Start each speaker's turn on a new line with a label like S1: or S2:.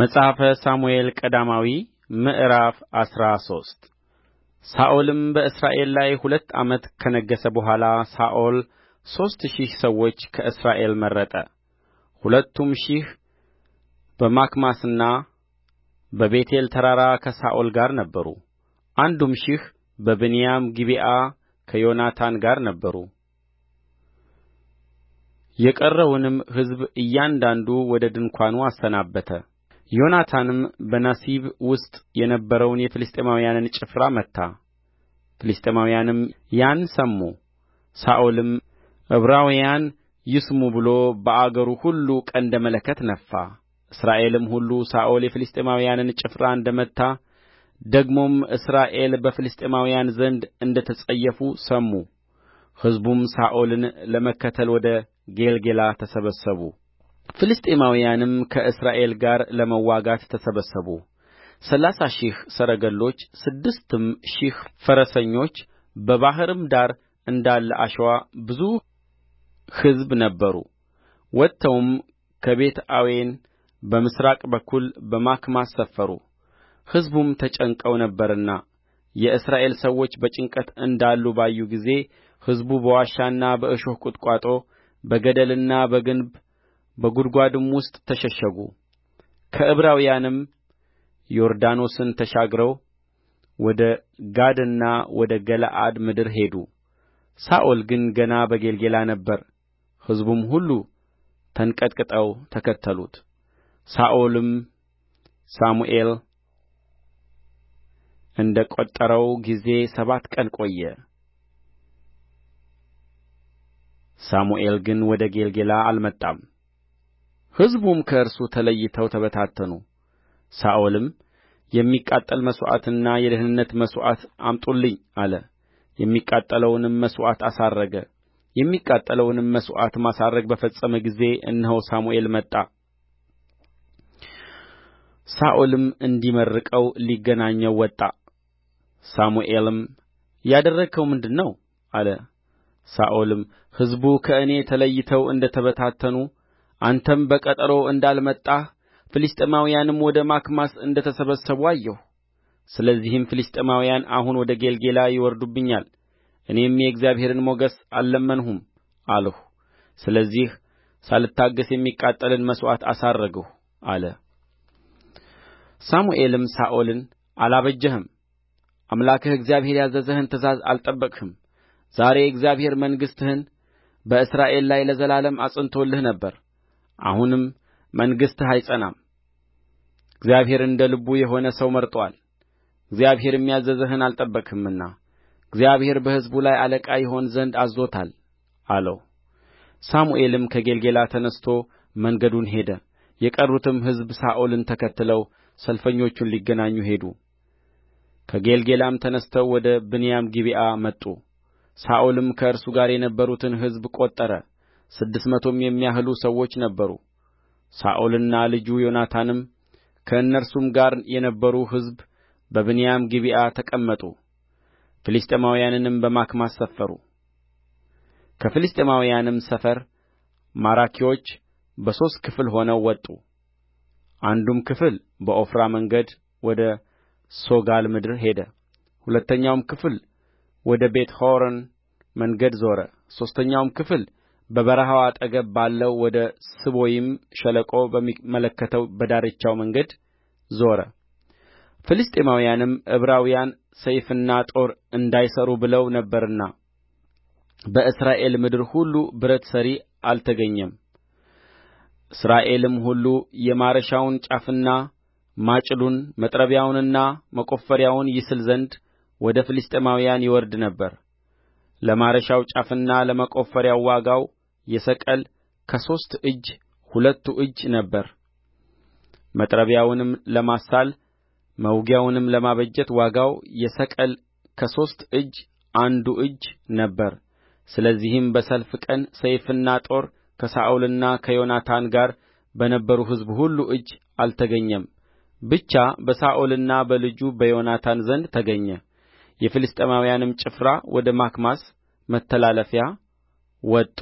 S1: መጽሐፈ ሳሙኤል ቀዳማዊ ምዕራፍ አስራ ሶስት ሳኦልም በእስራኤል ላይ ሁለት ዓመት ከነገሠ በኋላ ሳኦል ሦስት ሺህ ሰዎች ከእስራኤል መረጠ። ሁለቱም ሺህ በማክማስና በቤቴል ተራራ ከሳኦል ጋር ነበሩ። አንዱም ሺህ በብንያም ጊብዓ ከዮናታን ጋር ነበሩ። የቀረውንም ሕዝብ እያንዳንዱ ወደ ድንኳኑ አሰናበተ። ዮናታንም በናሲብ ውስጥ የነበረውን የፍልስጥኤማውያንን ጭፍራ መታ ፍልስጥኤማውያንም ያን ሰሙ ሳኦልም ዕብራውያን ይስሙ ብሎ በአገሩ ሁሉ ቀንደ መለከት ነፋ እስራኤልም ሁሉ ሳኦል የፍልስጥኤማውያንን ጭፍራ እንደ መታ ደግሞም እስራኤል በፍልስጥኤማውያን ዘንድ እንደ ተጸየፉ ሰሙ ሕዝቡም ሳኦልን ለመከተል ወደ ጌልገላ ተሰበሰቡ ፍልስጥኤማውያንም ከእስራኤል ጋር ለመዋጋት ተሰበሰቡ ሠላሳ ሺህ ሰረገሎች ስድስትም ሺህ ፈረሰኞች በባሕርም ዳር እንዳለ አሸዋ ብዙ ሕዝብ ነበሩ ወጥተውም ከቤትአዌን በምሥራቅ በኩል በማክማስ ሰፈሩ ሕዝቡም ተጨንቀው ነበርና የእስራኤል ሰዎች በጭንቀት እንዳሉ ባዩ ጊዜ ሕዝቡ በዋሻና በእሾህ ቍጥቋጦ በገደልና በግንብ በጕድጓድም ውስጥ ተሸሸጉ ከዕብራውያንም ዮርዳኖስን ተሻግረው ወደ ጋድና ወደ ገለዓድ ምድር ሄዱ ሳኦል ግን ገና በጌልገላ ነበር ሕዝቡም ሁሉ ተንቀጥቅጠው ተከተሉት ሳኦልም ሳሙኤል እንደ ቈጠረው ጊዜ ሰባት ቀን ቆየ ሳሙኤል ግን ወደ ጌልገላ አልመጣም ሕዝቡም ከእርሱ ተለይተው ተበታተኑ ሳኦልም የሚቃጠል መሥዋዕትና የደኅንነት መሥዋዕት አምጡልኝ አለ የሚቃጠለውንም መሥዋዕት አሳረገ የሚቃጠለውንም መሥዋዕት ማሳረግ በፈጸመ ጊዜ እነሆ ሳሙኤል መጣ ሳኦልም እንዲመርቀው ሊገናኘው ወጣ ሳሙኤልም ያደረግኸው ምንድር ነው አለ ሳኦልም ሕዝቡ ከእኔ ተለይተው እንደ ተበታተኑ አንተም በቀጠሮው እንዳልመጣህ ፍልስጥኤማውያንም ወደ ማክማስ እንደ ተሰበሰቡ አየሁ ስለዚህም ፍልስጥኤማውያን አሁን ወደ ጌልገላ ይወርዱብኛል እኔም የእግዚአብሔርን ሞገስ አልለመንሁም አልሁ ስለዚህ ሳልታገሥ የሚቃጠልን መሥዋዕት አሳረግሁ አለ ሳሙኤልም ሳኦልን አላበጀህም አምላክህ እግዚአብሔር ያዘዘህን ትእዛዝ አልጠበቅህም ዛሬ እግዚአብሔር መንግሥትህን በእስራኤል ላይ ለዘላለም አጽንቶልህ ነበር አሁንም መንግሥትህ አይጸናም እግዚአብሔር እንደ ልቡ የሆነ ሰው መርጦአል እግዚአብሔርም ያዘዘህን አልጠበቅህምና እግዚአብሔር በሕዝቡ ላይ አለቃ ይሆን ዘንድ አዝዞታል አለው ሳሙኤልም ከጌልገላ ተነሥቶ መንገዱን ሄደ የቀሩትም ሕዝብ ሳኦልን ተከትለው ሰልፈኞቹን ሊገናኙ ሄዱ ከጌልጌላም ተነሥተው ወደ ብንያም ጊብዓ መጡ ሳኦልም ከእርሱ ጋር የነበሩትን ሕዝብ ቈጠረ ስድስት መቶም የሚያህሉ ሰዎች ነበሩ ሳኦልና ልጁ ዮናታንም ከእነርሱም ጋር የነበሩ ሕዝብ በብንያም ጊብዓ ተቀመጡ ፍልስጥኤማውያንንም በማክማስ ሰፈሩ ከፍልስጥኤማውያንም ሰፈር ማራኪዎች በሦስት ክፍል ሆነው ወጡ አንዱም ክፍል በዖፍራ መንገድ ወደ ሶጋል ምድር ሄደ ሁለተኛውም ክፍል ወደ ቤትሖሮን መንገድ ዞረ ሦስተኛውም ክፍል በበረሃው አጠገብ ባለው ወደ ስቦይም ሸለቆ በሚመለከተው በዳርቻው መንገድ ዞረ ፍልስጥኤማውያንም ዕብራውያን ሰይፍና ጦር እንዳይሠሩ ብለው ነበርና በእስራኤል ምድር ሁሉ ብረት ሠሪ አልተገኘም እስራኤልም ሁሉ የማረሻውን ጫፍና ማጭዱን መጥረቢያውንና መቆፈሪያውን ይስል ዘንድ ወደ ፍልስጥኤማውያን ይወርድ ነበር ለማረሻው ጫፍና ለመቈፈሪያው ዋጋው የሰቅል ከሦስት እጅ ሁለቱ እጅ ነበረ መጥረቢያውንም ለማሳል መውጊያውንም ለማበጀት ዋጋው የሰቅል ከሦስት እጅ አንዱ እጅ ነበረ ስለዚህም በሰልፍ ቀን ሰይፍና ጦር ከሳኦልና ከዮናታን ጋር በነበሩ ሕዝብ ሁሉ እጅ አልተገኘም ብቻ በሳኦልና በልጁ በዮናታን ዘንድ ተገኘ የፍልስጥኤማውያንም ጭፍራ ወደ ማክማስ መተላለፊያ ወጡ